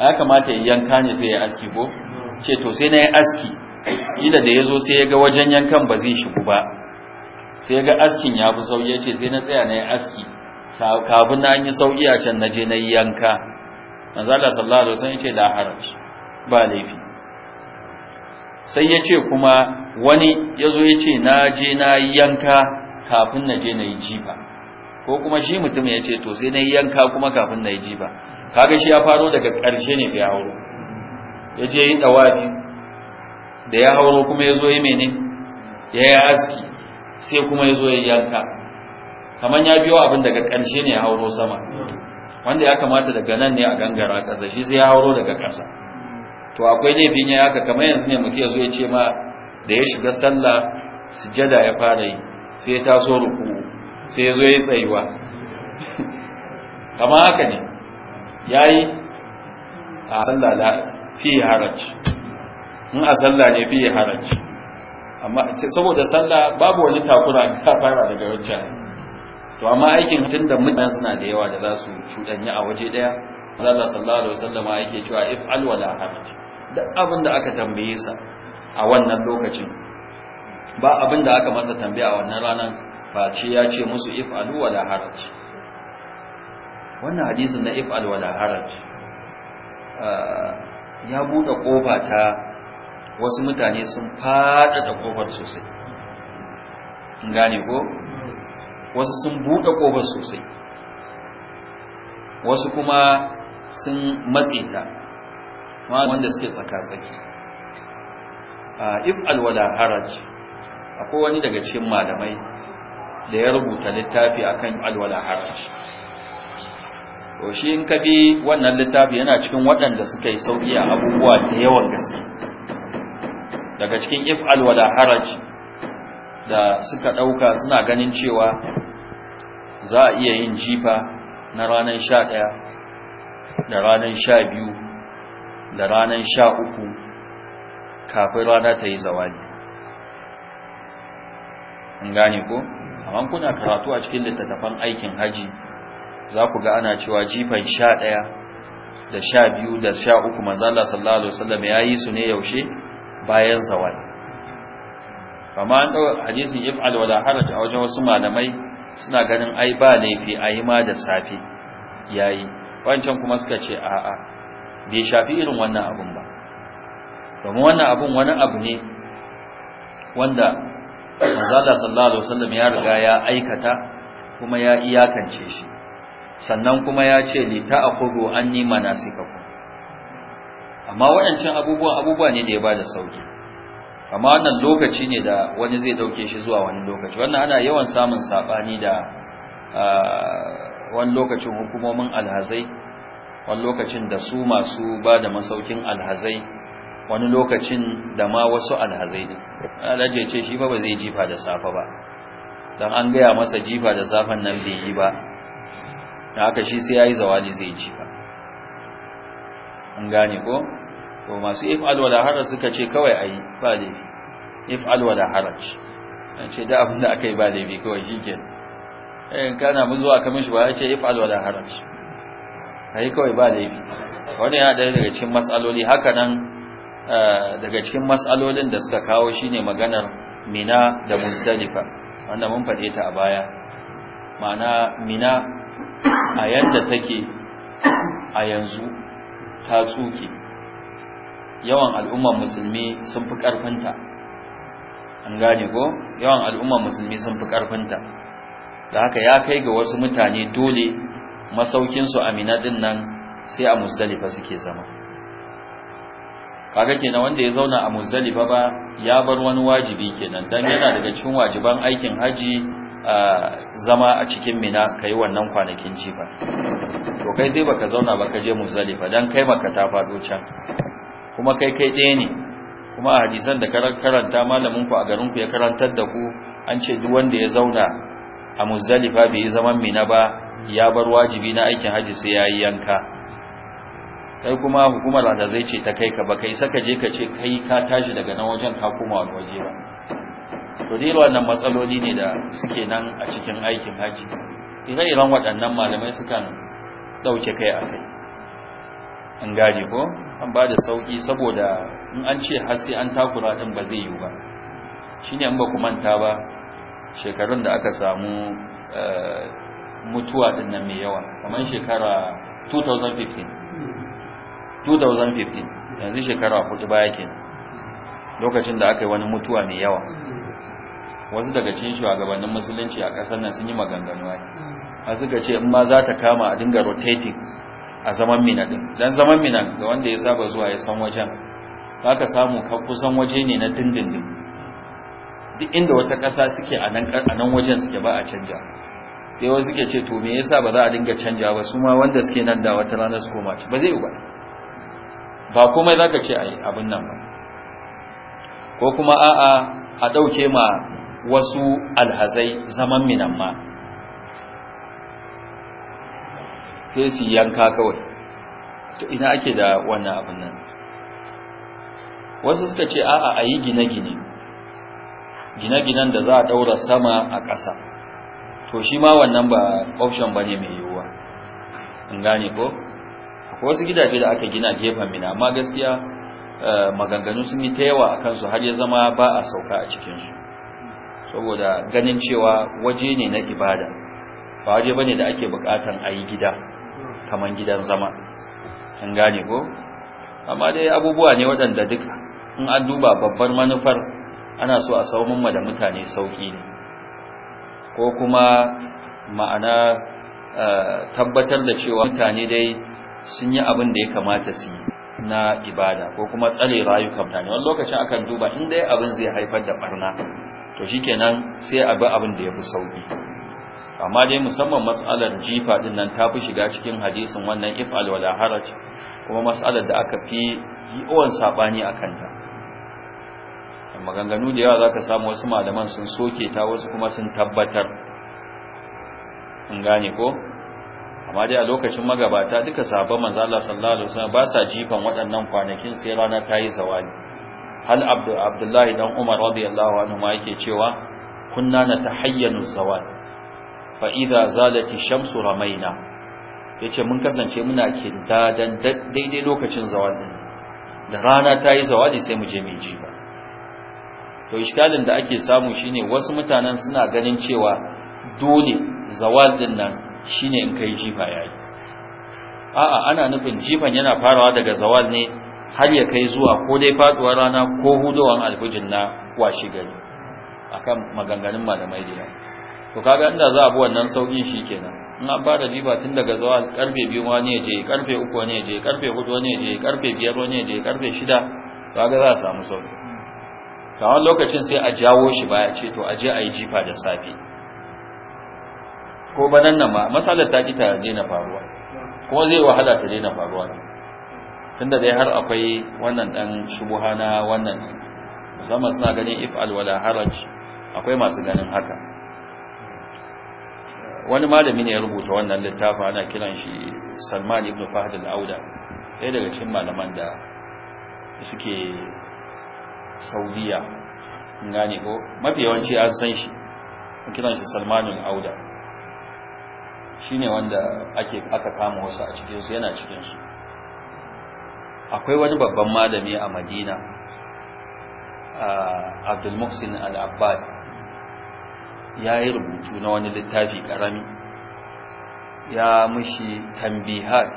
ya kamata yi yanka ne sai ya aski ko ce to sai na yi aski ida da ya zo sai ya ga wajen yankan ba zai shigu ba sai ya ga askin ya fi sauye ce sai na tsaya na yi aski kafin na an yi sauƙi a can na je na yi yanka manzala sallallahu alaihi wasallam ce la ba laifi sai ya ce kuma wani ya zo ya ce na je na yi yanka kafin na je na yi jifa ko kuma shi mutum ya ce to sai na yi yanka kuma kafin na yi jifa kaga shi ya faro daga ƙarshe ne da ya hauro ya je yi ɗawafi da ya hauro kuma ya zo yi mene ya yi aski sai kuma ya zo yi yanka kamar ya biyo abin daga ƙarshe ne ya hauro sama wanda ya kamata daga nan ne a gangara ƙasa shi sai ya hauro daga ƙasa to akwai laifin ya haka kamar yanzu ne mutum ya zo ya ce ma da ya shiga sallah sujada ya fara yi sai ya taso ruku sai ya zo ya tsayuwa kama haka ne ya yi a sallah da fiye haraci in a sallah ne fiye haraci amma saboda sallah babu wani takura in ka fara daga waccan to amma aikin tun da mutane suna da yawa da za su cuɗanya a waje ɗaya zalla sallallahu alaihi wasallama yake cewa if alwala haraj duk abin da aka tambaye sa a wannan lokacin ba abin da aka masa tambaya a wannan ranar face ya ce musu if'alu wala haraj wannan hadisin na if'alu wala haraj eh, ya bude kofa ta wasu mutane sun fada kofar sosai gane ko wasu sun bude kofar sosai wasu kuma sun matse ta wanda suke tsaka-tsaki eh, if'al wala haraj akwai wani daga cikin malamai da ya rubuta littafi akan alwala haraji shi in ka bi wannan littafi yana cikin waɗanda suka yi sauƙi a abubuwa da yawan gaske daga cikin if alwala haraji da suka ɗauka suna ganin cewa za a iya yin jifa na ranar sha ɗaya da ranar sha biyu da ranar sha uku kafin rana ta yi zawali an gane ko amma kuna karatu a cikin littattafan aikin haji za ku ga ana cewa jifan sha ɗaya da sha biyu da sha uku manzala sallallahu alaihi wasallam ya yi su ne yaushe bayan zawal amma an ɗau hadisin if'al wala haraj a wajen wasu malamai suna ganin ai ba laifi a yi ma da safe ya yi. wancan kuma suka ce a'a bai shafi irin wannan abun ba domin wannan abun wani abu ne wanda manzala sallallahu alaihi wasallam ya riga ya aikata kuma ya iyakance shi sannan kuma ya ce li ta'khudhu anni manasikakum amma wayancin abubuwan abubuwa ne da ya bada sauki amma wannan lokaci ne da wani zai dauke shi zuwa wani lokaci wannan ana yawan samun sabani da wani lokacin hukumomin alhazai wani lokacin da su masu bada masaukin alhazai wani lokacin da ma wasu alhazai ne alhaji ce shi fa ba zai jifa da safa ba dan an gaya masa jifa da safan nan bai yi ba da haka shi sai yayi zawali zai jifa an gane ko ko masu if wala haraj suka ce kawai yi ba laifi If wala haraj an ce da abin da akai ba laifi kawai shi ke eh kana zuwa kamar shi ba ya ce if wala haraj yi kawai ba laifi wani ya daya daga cikin matsaloli haka nan Eh, daga cikin matsalolin da suka kawo shine maganar mina da muzdalifa wanda mun faɗe ta a baya ma'ana mina a yadda take a yanzu ta tsuke yawan al'umman musulmi sun fi ƙarfinta an gane ko yawan al'umman musulmi sun fi ƙarfinta da haka ya kai ga wasu mutane dole masaukinsu a mina ɗin nan sai a muzdalifa suke zama kaga kenan wanda ya zauna a muzdalifa ba ya bar wani wajibi kenan dan yana daga cikin wajiban aikin haji zama a cikin mina kai wannan kwanakin jifa to kai sai baka zauna ba ka je muzdalifa dan kai maka ta fado can kuma kai kai ɗaya ne kuma a hadisan da karanta malamin ku a garin ku ya karantar da ku an ce duk wanda ya zauna a muzdalifa bai yi zaman mina ba ya bar wajibi na aikin haji sai yayi yanka kai kuma hukumar da zai ce ta kai ka ba kai saka je ka ce kai ka tashi daga nan wajen ka koma wani waje ba to dai wannan matsaloli ne da suke nan a cikin aikin haji ire-iren waɗannan malamai sukan ɗauke kai a kai an gane ko an ba da sauƙi saboda in an ce har sai an takura ɗin ba zai yiwu ba shine in ba ku manta ba shekarun da aka samu eh, mutuwa ɗin nan mai yawa kamar shekara 2015 2015 yanzu shekara hudu baya ke lokacin da aka yi wani mutuwa mai yawa wasu daga a gabanin musulunci a ƙasar nan sun yi maganganu ai a suka ce in ma za ta kama a dinga rotating a zaman mina din dan zaman mina ga wanda ya saba zuwa ya san wajen ka samu ka kusan waje ne na dindindin duk inda wata ƙasa suke a nan a nan wajen suke ba a canja sai wasu suke ce to me yasa ba za a dinga canja ba su ma wanda suke nan da wata rana su koma ba zai yi ba ba komai za ka ce a abin nan ba ko kuma a'a a ɗauke ma wasu alhazai zaman minan ma fesi yanka kawai to ina ake da wannan abin nan wasu suka ce a'a a yi gine-gine gine-ginen da za a ɗaura sama a ƙasa to shi ma wannan ba option ba ne mai yiwuwa in gane ko wasu gidaje da aka gina gefen mina amma gaskiya eh, maganganu sun yi ta yawa a kansu har ya zama ba a sauka a cikinsu saboda ganin cewa waje ne na ibada ba waje ba ne da ake bukatan a yi gida kamar gidan zama an gane ko amma dai abubuwa ne waɗanda duka. in an duba babbar manufar ana so a sauminmu da mutane sauƙi ne ko kuma ma'ana eh, tabbatar da cewa mutane dai sun yi abin da ya kamata su yi na ibada ko kuma tsare rayukan mutane wani lokacin akan duba in dai abin zai haifar da barna to shi shikenan sai a bi abin da ya fi sauki amma dai musamman matsalar jifa din nan ta fi shiga cikin hadisin wannan if'al wala haraj kuma matsalar da aka fi yi yawan sabani a kanta maganganu da yawa za ka samu wasu malaman sun soke ta wasu kuma sun tabbatar in gane ko amma dai a lokacin magabata duka sahaba manzo Allah sallallahu alaihi wasallam ba sa jifan waɗannan kwanakin sai rana ta yi zawali hal abdu abdullahi dan umar radiyallahu anhu ma yake cewa kunna na tahayyanu zawal fa idza zalati shamsu ramaina yace mun kasance muna dan daidai lokacin zawal din da rana ta yi zawali sai mu je mu jifa to iskalin da ake samu shine wasu mutanen suna ganin cewa dole zawal din nan shine in kai jifa yayi a'a ana nufin jifan yana farawa daga zawal ne har ya kai zuwa ko dai faduwar rana ko hudowan alfujin na washi gari akan maganganun malamai da yawa to kaga inda za a bi wannan saukin shikenan in an fara jifa tun daga zawal karfe 2 wani ya je karfe 3 wani ya je karfe 4 wani ya je karfe 5 wani ya je karfe 6 kaga za a samu sauki kawai lokacin sai a jawo shi baya ce to aje a yi jifa da safe ko banan nan ma matsalar ta ki ta daina faruwa kuma zai wahala ta daina faruwa tunda dai har akwai wannan dan shubuha na wannan musamman suna ganin if'al wala haraj akwai masu ganin haka wani malami ne ya rubuta wannan littafin ana kiran shi Salman ibn Fahd al-Auda ɗaya daga cikin malaman da suke Saudiya gane ko mafi yawanci an san shi kiran shi Salmanul Auda Shi ne wanda ake aka kama wasu a cikinsu yana cikinsu. akwai wani babban malami a Madina Abdulmuxin al'abbad Al-Abbad ya yi rubutu na wani littafi karami ya mushi tambihat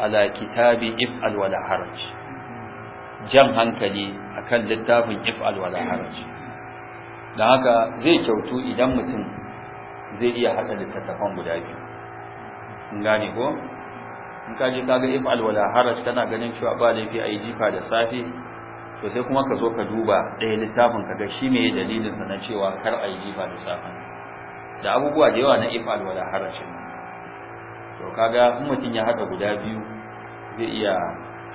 ala kitabi if alwala haraj jan hankali akan littafin if alwala haraj don haka zai kyautu idan mutum zai iya hada littattafan guda biyu in gane ko in ka je kaga if alwala haraj kana ganin cewa ba laifi a yi jifa da safe to sai kuma ka zo ka duba ɗaya littafin ka ga shi ne dalilin sa na cewa kar a yi jifa da safe da abubuwa da yawa na if alwala haraj to kaga in mutum ya hada guda biyu zai iya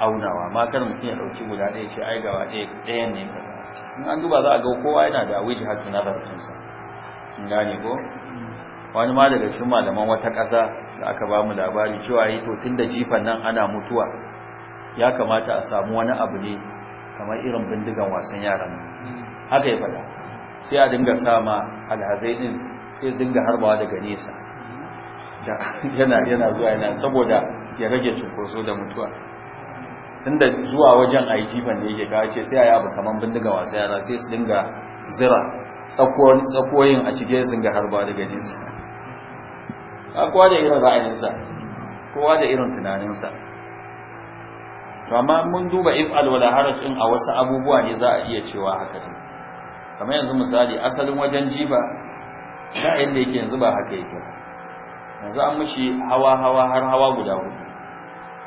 aunawa ma kar mutum ya ɗauki guda ɗaya ce ai gaba ɗaya ɗayan ne in an duba za a ga kowa yana da wajihar nazar ɗinsa gane ko wani ma daga cikin malaman wata ƙasa da aka ba mu labari cewa yi to tun da jifan nan ana mutuwa ya kamata a samu wani abu ne kamar irin bindigan wasan yaran haka ya faɗa sai a dinga sama alhazai din sai dinga harbawa daga nesa yana yana zuwa yana saboda ya rage cunkoso da mutuwa da zuwa wajen a yi jifan da yake kawo sai a yi abu kamar bindigan wasan yara sai su dinga zira tsakoyin a cike zinga harba daga A kowa da irin ra'ayinsa kowa da irin tunaninsa to amma mun duba if alwala haraj in a wasu abubuwa ne za a iya cewa haka ne kamar yanzu misali asalin wajen jiba sha'in da yake yanzu ba haka yake yanzu an mishi hawa hawa har hawa guda hudu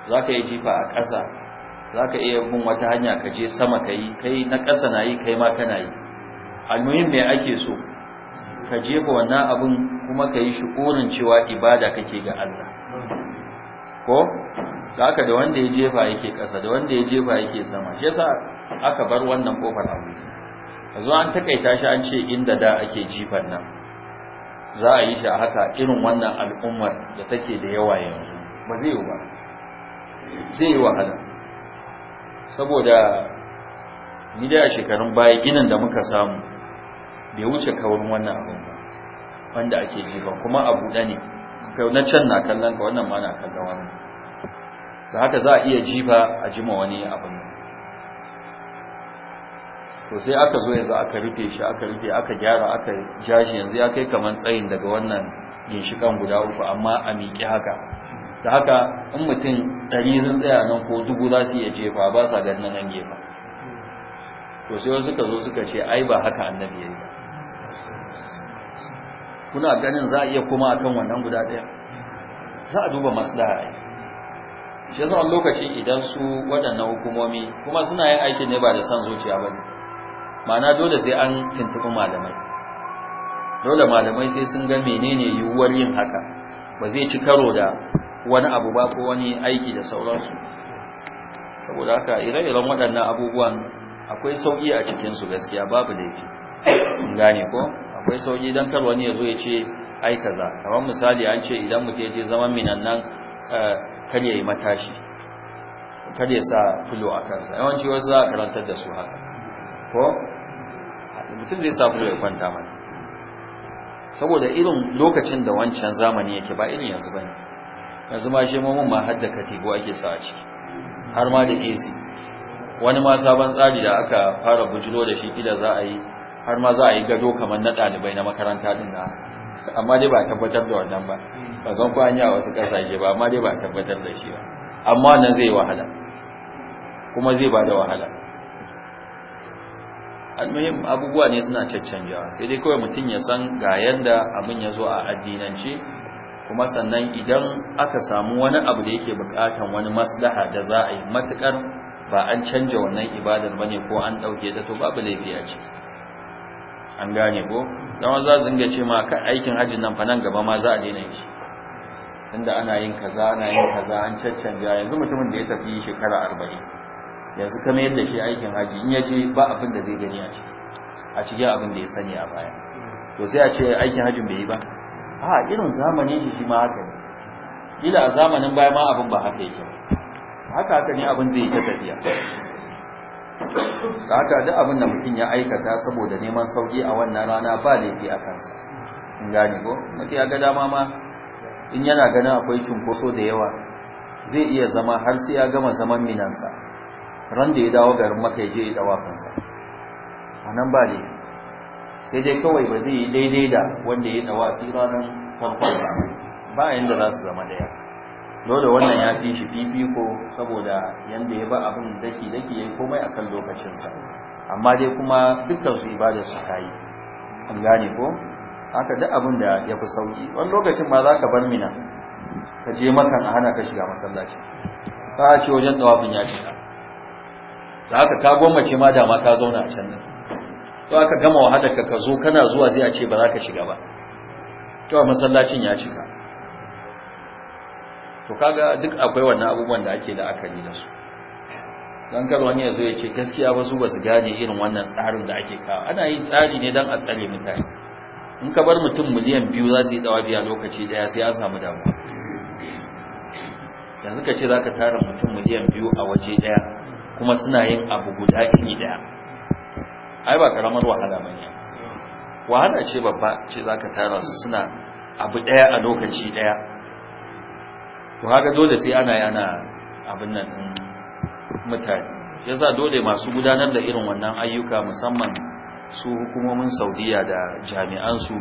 za ka yi jifa a ƙasa za ka iya bin wata hanya ka je sama ka yi kai na ƙasa na yi kai ma kana yi almuhim me ake so ka jefa wannan abin kuma ka yi shukurin cewa ibada kake ga Allah ko da haka da wanda ya jefa yake ƙasa da wanda ya jefa yake sama shi yasa aka bar wannan kofar abu yanzu an takaita shi an ce inda da ake jifan nan za a yi shi a haka irin wannan al'ummar da take da yawa yanzu ba zai yi ba zai yi wahala saboda ni da shekarun baya ginin da muka samu bai wuce kaurin wannan abin ba wanda ake ba kuma a buɗe ne na can na kallon ka wannan ma na kallon wannan da haka za a iya ba a jima wani abin to sai aka zo yanzu aka rufe shi aka rufe aka gyara aka jashi yanzu ya kai kamar tsayin daga wannan ginshikan guda uku amma a miƙi haka da haka in mutum ɗari zan tsaya nan ko dubu za su iya jefa ba sa ganin nan gefa to sai wasu ka zo suka ce ai ba haka annabi ya yi ba kuna ganin za a iya kuma akan wannan guda ɗaya za a duba maslaha ai shi yasa lokaci idan su waɗannan hukumomi kuma suna yin aikin ne ba da san zuciya ba ne ma'ana dole sai an tuntuɓi malamai dole malamai sai sun ga menene yiwuwar yin haka ba zai ci karo da wani abu ba ko wani aiki da sauransu saboda haka ire-iren waɗannan abubuwan akwai sauƙi a cikinsu gaskiya babu laifi gane ko akwai sauki dan kar wani yazo ya ce ai kaza kamar misali an ce idan mutum je zaman minan nan eh, ya yi matashi kar ya sa fulo a kansa yawanci wasu za a karantar da su haka ko mutum zai sa fulo ya kwanta mana saboda irin lokacin da wancan zamani yake ba irin yanzu bane yanzu ma shi mamun ma hadda katibo ake sa a ciki har ma da AC wani ma sabon tsari da aka fara bujiro da shi kila za a yi har ma za a yi gado kamar na ɗalibai na makaranta din na amma dai ba a tabbatar da wannan ba ba zan ko an yi a wasu ƙasashe ba amma dai ba a tabbatar da shi ba amma nan zai wahala kuma zai ba da wahala almuhim abubuwa ne suna caccanjawa sai dai kawai mutum ya san ga yadda abin ya zo a addinance kuma sannan idan aka samu wani abu da yake bukatan wani maslaha da za a yi matukar ba an canja wannan ibadar bane ko an dauke ta to babu laifi a ciki an gane ko don za su dinga ce ma kan aikin hajjin nan fa nan gaba ma za a daina shi tunda ana yin kaza ana yin kaza an caccanja yanzu mutumin da ya tafi shekara arba'in yanzu kama yadda shi aikin haji in ya ce ba abin da zai gani a ciki a cikin abin da ya sani a baya to sai a ce aikin hajjin bai yi ba a irin zamanin shi shi ma haka ne kila a zamanin baya ma abin ba haka yake haka haka ne abin zai yi ta tafiya ta haka duk abin da mutum ya aikata saboda neman sauki a wannan rana ba laifi a kansa in gani ko mutum ya ga dama ma in yana ganin akwai cunkoso da yawa zai iya zama har sai ya gama zaman minansa ran da ya dawo garin maka ya je ya dawa kansa nan ba laifi sai dai kawai ba zai yi daidai da wanda ya dawa fi ranar farkon ba ba yanda za su zama daya dole wannan ya fi shi fifiko saboda yanda ya ba abin daki daki yi komai akan lokacinsa amma dai kuma dukkan su ibada su tayi an gane ko haka da abin da ya fi sauki wani lokacin ma ka bar mina ka je makan a hana ka shiga masallaci ta ce wajen dawafin ya shiga da haka ka gwammace ma dama ka zauna a can din to aka gama wahalarka ka zo kana zuwa zai a ce ba za ka shiga ba to masallacin ya cika to kaga duk akwai wannan abubuwan da ake la'akari da su don kar wani ya zo ya ce gaskiya wasu ba su gane irin wannan tsarin da ake kawo ana yin tsari ne don a tsare mutane in ka bar mutum miliyan biyu za su yi dawa biya lokaci daya sai an samu damuwa yanzu ka ce za ka tara mutum miliyan biyu a waje daya kuma suna yin abu guda iri daya ai ba karamar wahala ba ne wahala ce babba ce za ka tara su suna abu daya a lokaci daya to haka dole sai ana yana abin nan mutane yasa dole masu gudanar da irin wannan ayyuka musamman su hukumomin saudiya da jami'ansu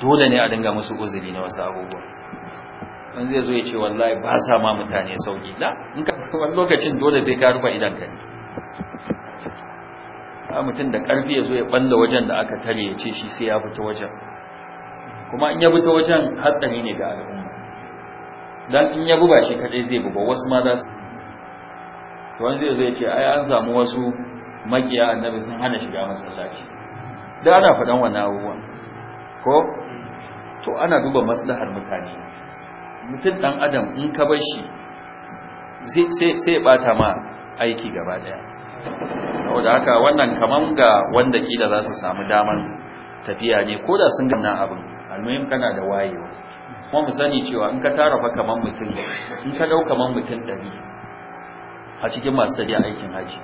dole ne a dinga musu uzuri na wasu abubuwa in zai zo ya ce wallahi ba sa ma mutane sauki la in ka [LAUGHS] wani lokacin dole sai ka rufa idan ka ne a mutum da karfi ya zo ya balla wajen da aka tare ya ce shi sai ya fita wajen kuma in ya fita wajen hatsari ne ga al'umma dan in ya buga shi kadai zai buga wasu ma za su to wani zai zo ce ai an samu wasu magiya annabi sun hana shiga masallaci da ana faɗan wannan abubuwa ko to ana duba maslahar mutane mutum dan adam in ka bar shi sai ya bata ma aiki gaba daya saboda haka wannan kaman ga wanda kila za su samu damar tafiya ne ko da sun ganna abin almuhim kana da wayewa kuma mu sani cewa in ka tara fa kaman mutum in ka dauka kaman mutum 100 a cikin masu tafiya aikin haji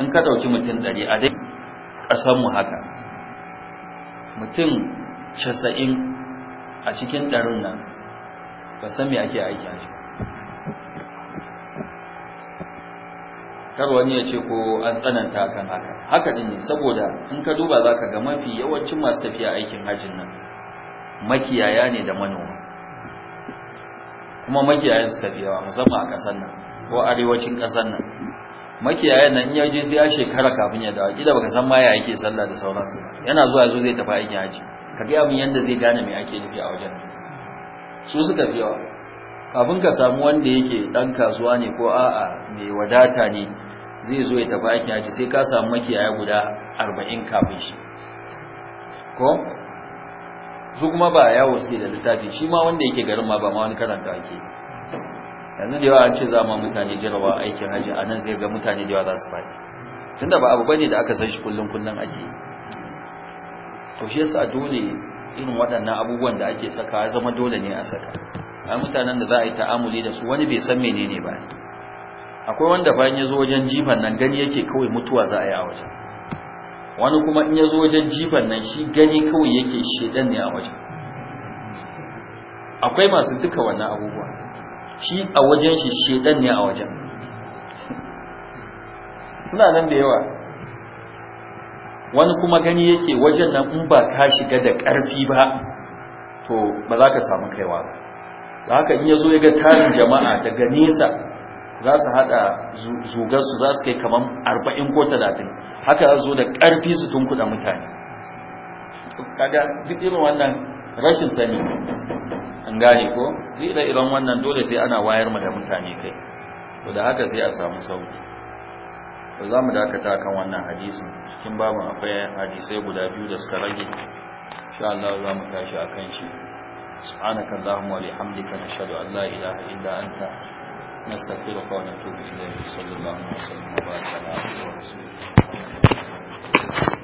in ka dauki mutum 100 a dai kasan mu haka mutum 90 a cikin darin nan ba san me ake aiki haji kar wani ya ce ko an tsananta kan haka haka din ne saboda in ka duba zaka ga mafi yawancin masu tafiya aikin hajin nan makiyaya ne da manoma kuma makiyayan su tafiya yawa musamman a ƙasar nan ko arewacin ƙasar nan makiyayan nan ya je sai ya shekara kafin ya dawo kida baka san ma ya yake sallah da sauransu yana zuwa yazo zai tafi aikin haji ka ga abin yanda zai gane me ake nufi a wajen su suka fi yawa kafin ka samu wanda yake dan kasuwa ne ko a'a mai wadata ne zai zo ya tafi aikin haji sai ka samu makiyaya guda 40 kafin shi ko su kuma ba yawo suke da littafi shi ma wanda yake garin ma ba ma wani karanta ake yanzu da yawa an ce za ma mutane jarawa aikin hajji a nan sai ga mutane da yawa za su faɗi tunda ba abu bane da aka san shi kullum kullum ake to shi yasa dole irin waɗannan abubuwan da ake saka ya zama dole ne a saka a mutanen da za a yi ta'amuli da su wani bai san menene ba akwai wanda bayan ya zo wajen jifan nan gani yake kawai mutuwa za a yi a wajen wani kuma in ya zo wajen jifan nan shi gani kawai yake shedan ne a wajen akwai masu duka wannan abubuwa shi a wajen shi shedan ne a wajen suna nan da yawa wani kuma gani yake wajen nan in ba ka shiga da ƙarfi ba to ba za ka samu kaiwa ba haka in ya zo ya ga tarin jama'a daga nesa za su hada zugarsu za su kai kamar arba'in ko talatin haka za zo da ƙarfi su tunkuɗa mutane Kada duk irin wannan rashin sani an gane ko zira irin wannan dole sai ana wayar mu da mutane kai to da haka sai a samu sauki to za mu dakata kan wannan hadisin cikin babu akwai hadisai guda biyu da suka rage insha Allah za mu tashi akan shi subhanakallahumma wa bihamdika nashhadu an la ilaha illa anta نستغفرك ونتوب إليك صلى الله عليه وسلم وبارك على عبده ورسوله